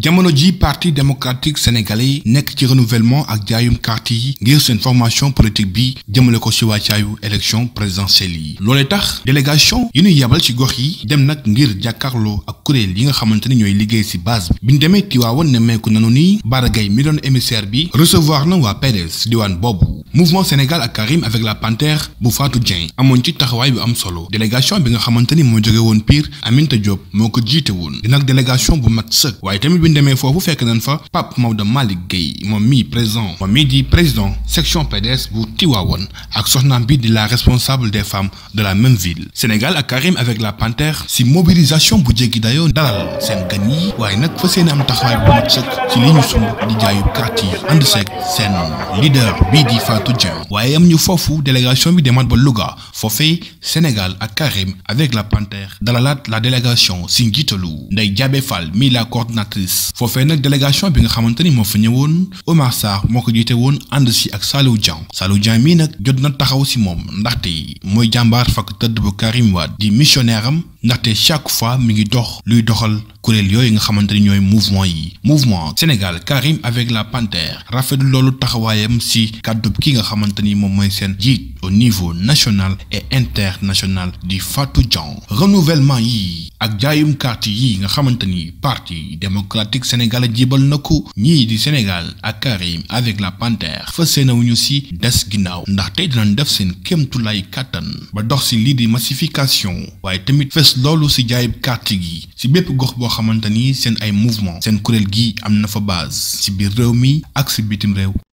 jamono ji parti démocratique sénégalais nekk ci renouvellement ak jaayum carte yi ngir seen formation politique bi jëmale ko ci waajtaayu élection présidentielle yi loolee tax délégation yi ñuy yabal ci gox yi dem nag ngir jàkkaarloo ak kuréel yi nga xamante ni ñooy liggéey ci base bi bi ñu demee Tiwaawan ne meeku nanu ni Bara Gaye mi doon émissaire bi recevoir na waa PDS diwaan boobu mouvement Sénégal ak Karim avec la panthère bu Fatou Dieng amoon ci taxawaay bu am solo délégation bi nga xamante ni moo jóge woon Pire Aminta Diop moo ko jiite woon di nag délégation bu mat sëkk waaye tamit bi ñu foofu fekk nañ fa Pape Maodo Malick Guèye moom mii président moom mii di président section PDS bu Tiwaawoon ak soxnaam bi di la responsable des femmes de la même ville Sénégal ak Karim avec la panthère si mobilisation bu jéggi dayoo bu mat sëkk ci li ñu sumb di jaayu kàtt yi ànd seeg seen leader Fatou waaye am ñu foofu délégation bi demaat ba Louga foofee Sénégal ak Karim avec la panthère dalalaat la délégation si njiitalu Ndeye Diabé Fall mi la coordinatrice foofee nag délégation bi nga xamante ni moo fa ñëwoon Omar Sarr moo ko jiite woon ànd si ak Saliou Dieng Saliou Dieng mii nag jot na taxaw si moom ndaxte mooy jàmbaar fakk tëdd bu Karim Wade di missionnaire am ndaxte chaque fois mi ngi dox luy doxal kuréel yooyu nga xamante ni ñooy mouvement yi mouvement Sénégal Karim avec la panthère rafet loolu taxawaayam si kàddu ki nga xamante ni moom mooy seen jiit au niveau national et international di Fatou Dieng renouvellement yi ak jaayum carte yi nga xamante ni parti démocratique sénégalais jibal na ko ñii di Sénégal ak Karim avec la panthère fas yéenewuñu si des ginnaaw ndaxte dinañ def seen kéemtulaay kàttan ba dox si lii di massification loolu si jaayib carte gi ci bépp gox boo xamante ni seen ay mouvement seen kuréel gi am na fa base ci biir réew mi ak si bitim réew